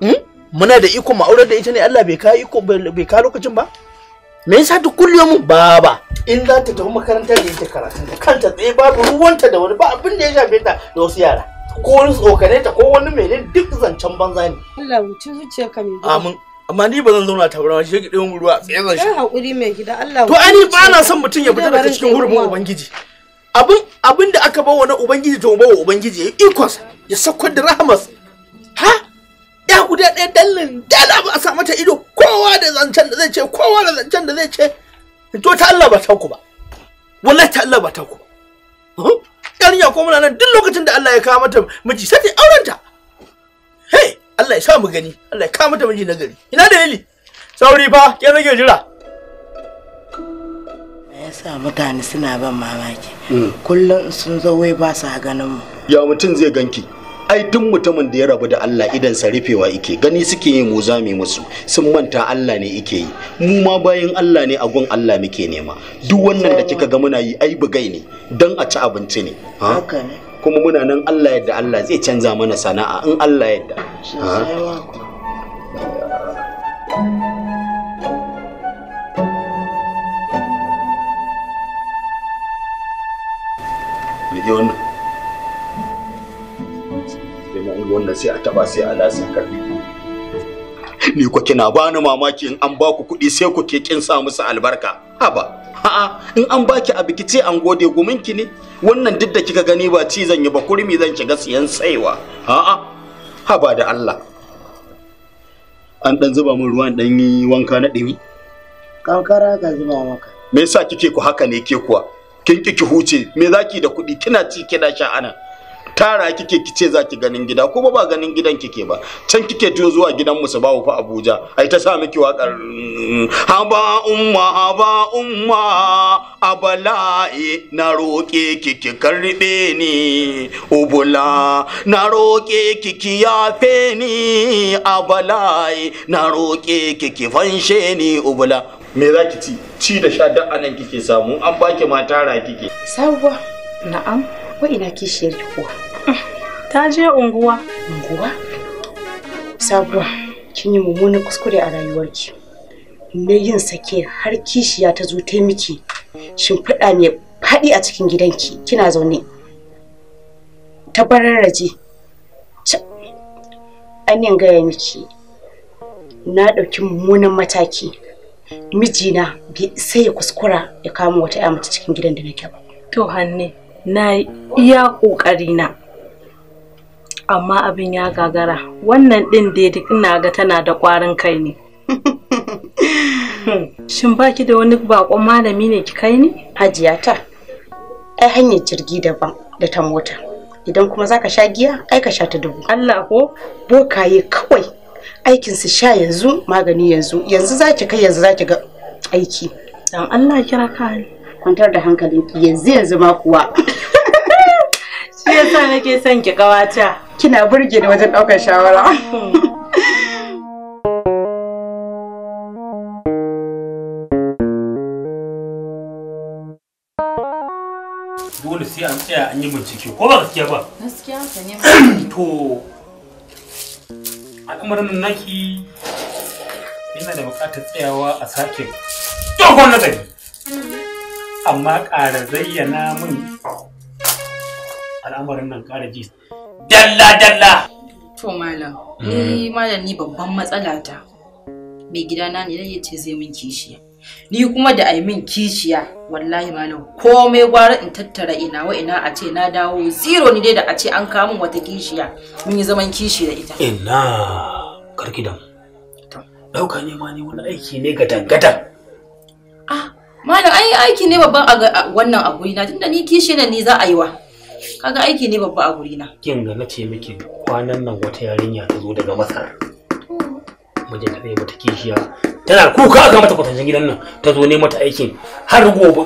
Hmm? muna da iko mu aure da ita ne Allah bai ka iko bai ka lokacin ba me yasa duk kullum baba in za ta tafi makarantar da ita karatun da kanta tsaye babu ruwanta da wani ba abin da ya shafe ta da wasu yara ko wani tsokane ta ko wani ne duk zancen banza ne Allah wuce zuciya ka mai amin amma ni ba zan zauna tabarma shi ki ɗin ruwa tsaye zan shi kai hakuri mai gida Allah to ani ba na son mutum ya fita daga cikin hurumin ubangiji abin abin da aka bawa na ubangiji to bawa ubangiji ya ikonsa ya sakkwar da rahamas ha Guda ɗaya dallin dala ba a sa mata ido kowa da zancen da zai ce kowa da zancen da zai ce to ta Allah ba ta ku ba wallahi ta Allah ba ta ku ɗan yarinya ko muna nan duk lokacin da Allah ya kawo mata miji sai ta auren ta hey Allah ya sa mu gani Allah ya kawo mata miji na gari ina dalili sauri fa ke rage jira yasa mutane suna ban mamaki hmm. kullum sun zo wai ba sa ganin mu ya mutum zai ganki ai duk mutumin da ya rabu da Allah idan sa rufewa yake gani suke yi mu zame musu sun manta Allah ne yake yi mu ma bayan Allah ne a gun Allah muke nema duk wannan da kika ga muna yi ai bugai ne dan a ci abinci ne haka ne kuma muna nan Allah yadda Allah zai canza mana sana'a in Allah yadda wannan sai a taba sai a lasa karbi ni ko kina bani mamaki in an baku kuɗi sai ku ke kin sa musu albarka haba ha'a in an baki a biki ce an gode guminki ne wannan duk da kika gani ba ci zan yi ba kurmi zan shiga siyan tsaiwa Ha'a, haba da Allah an dan zuba min ruwan dan yi wanka na dimi kankara ka zuba maka me yasa kike ku haka ne ke kuwa kin kiki huce me zaki da kuɗi kina ci kina sha ana tara kike kice zaki ganin gida kuma ba ganin gidan kike ba can kike to zuwa gidan musu babu fa Abuja ai ta sa miki waƙar mm, haba umma haba umma abala'i na roƙe kiki karbe ni ubula na roƙe kiki yafe ni abala'i na roƙe kiki fanshe ni ubula me za ki ci ci da sha da anan kike samu an baki mata ra kike sabuwa na'am wa ina kishiyar kuwa Ta je unguwa. Unguwa? Sabuwa, kin yi mummunan kuskure a rayuwarki. Na yin sake har kishiya ta zo ta miki shimfiɗa ne faɗi a cikin gidanki kina zaune. Ta bararraje. An yin gaya miki na ɗauki mummunan mataki. Mijina bai sai ya kuskura ya kama wata 'ya mata cikin gidan da nake ba. To hanne, na iya amma abin ya gagara wannan ɗin dai duk ina ga tana da ƙwarin kai ne shin baki da wani bakon malami ne ki kai ni hajiya ta ai hanyar jirgi daban da ta mota idan kuma zaka sha giya ai ka sha ta dubu Allah ko bokaye kawai aikin su sha yanzu magani yanzu yanzu zaki kai yanzu zaki ga aiki dan Allah kira ka kwantar da hankalinki yanzu yanzu ma kuwa shi yasa nake son ki kawata kina burge ni wajen ɗaukar shawara dole sai an tsaya an yi bincike ko ba gaskiya ba gaskiya ka ne to al'amarin naki yana da buƙatar tsayawa a sake dogon nazari amma ƙara zayyana mun al'amarin nan ƙara ji dalla dalla to malam mm. ni malam ni babban matsala ta mai gidana ne ya ce zai min kishiya ni kuma da ai min kishiya wallahi malam komai gwara in tattara ina wa ina a ce na dawo zero ni dai da a ce an kawo min wata kishiya mun yi zaman kishi da ita ina karkidan dauka ne ma ne wani aiki ne ga dangadan ah malam ai aiki ne babban wannan a gurina tunda ni kishi ne ni za a yi wa kaga aiki ne babba a gurina kin ga na ce miki kwanan nan wata yarinya ta zo daga masar mijin ta zai mata kishiya tana kuka ga mata kwatancin gidan nan ta zo ne mata aikin har gobe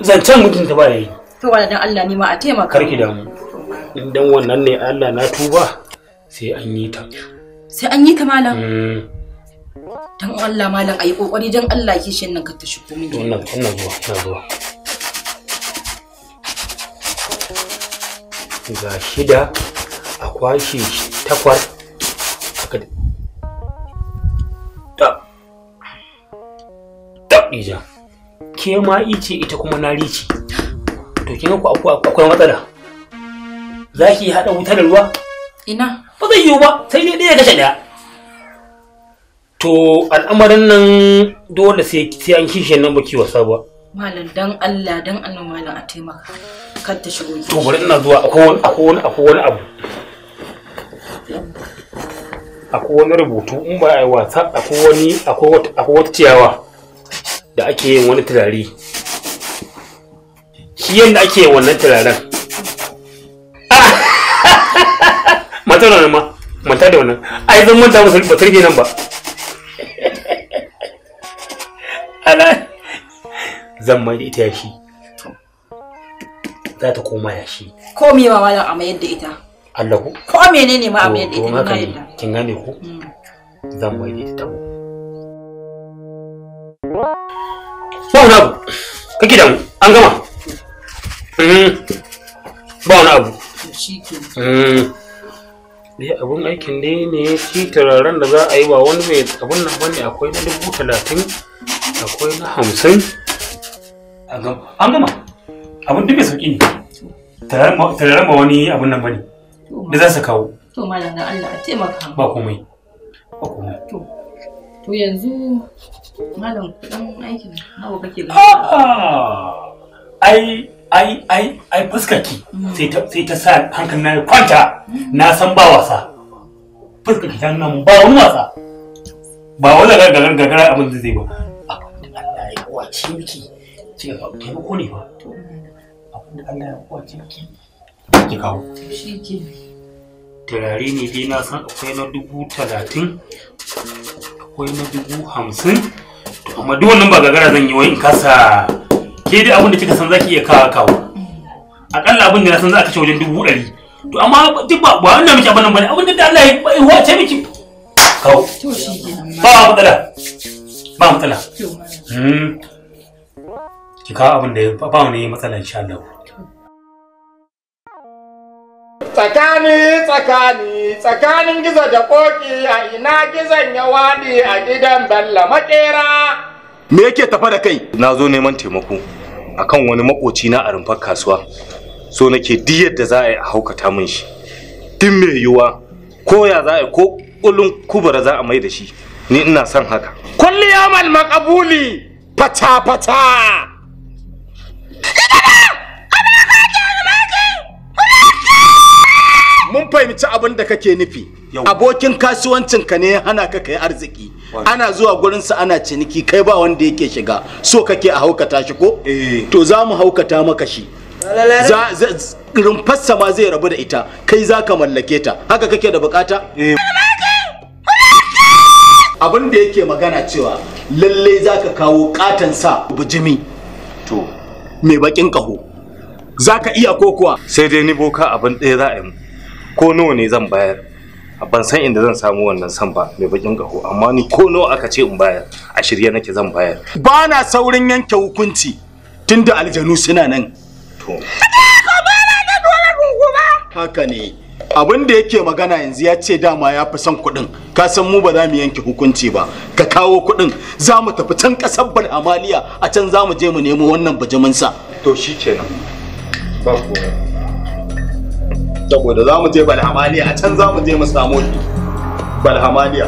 zancen mutum ta ba yayi to dan Allah ne ma a taimaka karki damu mu. dan wannan ne Allah na tuba sai an yi ta sai an yi ta malam hmm. dan Allah malam ayi kokari dan Allah kishin nan ka ta shigo min wannan tana zuwa tana zuwa ga shida a kwashe takwar aka da da ke ma ice ita kuma na rici to kin ku akwai matsala za ki haɗa wuta da ruwa ina ba zai yiwu ba sai dai ɗaya kashe ɗaya to al'amarin nan dole sai an kishe nan baki wasa ba malam dan Allah dan annabi malam a taimaka kar ta shigo to bari ina zuwa akwai wani akwai wani akwai wani abu akwai wani rubutu in ba a yi wasa akwai wani akwai wata ciyawa da ake yin wani turare shi yadda ake yin wannan turaren mata da ma mata da wannan ai zan manta musu ba turke nan ba zan mai da ita shi za ta koma yashi komi ma malam a mayar da ita Allah ku ko menene ma a mayar da ita ma yadda kin gane ku mm. zan mai da ita ba wani abu ka da mu an gama mm. ba wani abu shi ke mm. abun aikin ne ne shi turaren da za a yi ba wani mai abun nan bane akwai na dubu talatin akwai na hamsin an gama abin duk mai sauki ne tare ma wani abin nan bane da za su kawo to malam dan Allah a taimaka ba komai ba komai to to yanzu malam kudin aikin nawa kake ga ai ai ai ai fuskaki mm. sai ta sai ta sa hankalin na kwanta na san ba wasa fuskaki ta nan ba wani wasa ba wani gagarar gagarar abin da zai ba Allah ya kwace miki ce ga ko ne ba Allah ya kwace ki. Ki kawo. Shi ke. Turare ne dai na san akwai na dubu talatin, akwai na dubu hamsin, to amma duk wannan ba gagara zan yi wai in kasa ke dai abin da kika san za zaki iya kawo kawo. Akalla abin da na san za a kashe wajen dubu ɗari. To amma duk ba wannan miki abin nan bane abin da Allah ya wace miki. Kawo. Ba matsala. Ba matsala. Hmm. Ki kawo abin da ba wani matsala insha Allah. tsakani tsakani tsakanin gizo da koki a ina gizon ya wani a gidan balla makera me yake tafa da kai na zo neman taimako akan wani makoci na a rumfar kasuwa so nake duk yadda za a yi a haukata min shi duk mai yiwuwa ko ya za a yi ko kulun kubura za a mai da shi ni ina son haka kulli yamal maqabuli fata fata fahimci abin da kake nufi abokin kasuwancin ka ne hana ka kai arziki ana zuwa gurin sa ana ciniki kai ba wanda yake shiga so kake a haukata shi ko eh. to za mu haukata maka shi rumfarsa ma zai rabu da ita kai za ka mallake ta haka kake da bukata eh. abin da yake magana cewa lallai za ka kawo katon sa bijimi to mai bakin kaho za ka iya kokuwa sai dai ni boka abin ɗaya za a yi ko nawa ne zan bayar ban san inda zan samu wannan san ba mai bakin gaho amma ni ko nawa aka ce in bayar a shirye nake zan bayar ba na saurin yanke hukunci tunda aljanu suna nan to haka ne abin da yake magana yanzu ya ce dama ya fi son kuɗin ka san mu ba za mu yanke hukunci ba ka kawo kuɗin za mu tafi can ƙasar amaliya a can za mu je mu nemo wannan bajiminsa to shi kenan ba saboda za mu je balhamaniya a can za mu je mu samu shi balhamaniya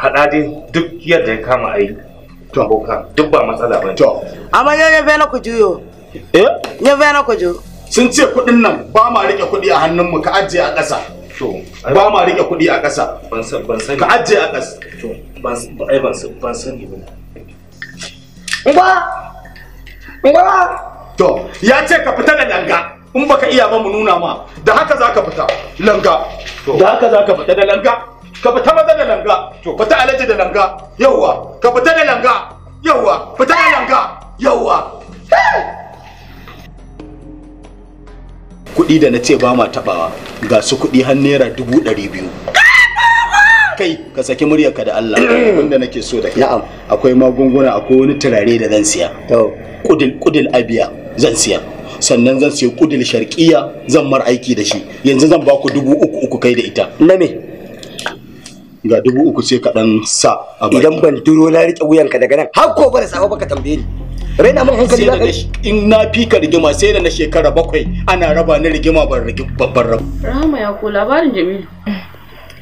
haɗa dai duk yadda ya kama a yi boka duk ba matsala ba to amma yau ya fena ku juyo eh ya fena ku juyo sun ce kuɗin nan ba ma riƙe kuɗi a hannunmu ka ajiye a ƙasa ba ma riƙe kuɗi a ƙasa ka ajiye a ƙasa ban sani ba ngwa ngwa to ya ce ka fita da langa in baka iya ba mu nuna ma da haka za ka fita langa da haka za ka fita da langa ka fita maza da langa to fita alaji da langa yawwa ka fita da langa yawwa fita da langa yawwa kuɗi da na ce ba ma taɓawa ga su kuɗi har naira dubu ɗari biyu kai ka saki muryarka da Allah wanda nake so da kai akwai magunguna akwai wani turare da zan siya kudil kudil abiya zan siyar sannan zan siya kudil sharkiya zan mar aiki da shi yanzu zan baku dubu uku uku kai da ita na me ga dubu uku sai dan sa a baki idan ban duro na riƙe wuyanka daga nan har ko bara sawa baka tambaye ni raina mun hankali na kai in na fika rigima sai da na shekara bakwai ana raba ni rigima ban rigi babban rabu rahama ya ko labarin jamilu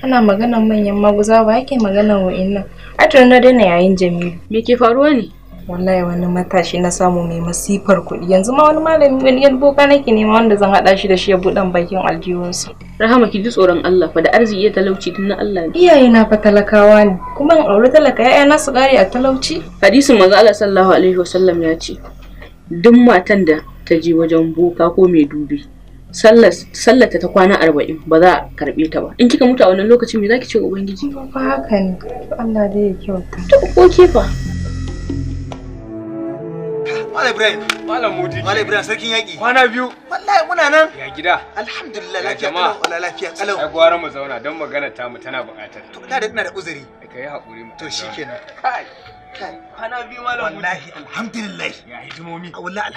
ana maganar manyan maguza ba yake maganar wa'in nan a tunan na daina yayin jamilu me ke faruwa ne wallahi wani matashi na samu mai masifar kuɗi yanzu ma wani malami wani yan boka nake nema wanda zan haɗa shi da shi ya buɗan bakin aljihunsu. rahama ki ji tsoron Allah fa da arziki ya talauci din na Allah ne iyaye na fa talakawa ne kuma in aure talaka ya'ya na su gari a talauci hadisin manzo Allah sallallahu alaihi wasallam ya ce duk matan da ta je wajen boka ko mai dubi sallata ta kwana arba'in ba za a karɓe ta ba in kika mutu a wannan lokacin me zaki ce ubangiji ba haka ne Allah dai ya kyauta to ko kifa Malam Ibrahim. Malam Mudi. Malam Ibrahim sarkin yaki. Kwana biyu. Wallahi muna nan. Ya gida. Alhamdulillah lafiya kalau wala lafiya kalau. Ai gwara mu zauna don magana ta mu tana buƙatar. To da ina da uzuri. Kai hakuri mu. To shikenan. Kai. Kai. Kwana biyu Malam Mudi. Wallahi alhamdulillah. Ya hidimomi. Wallahi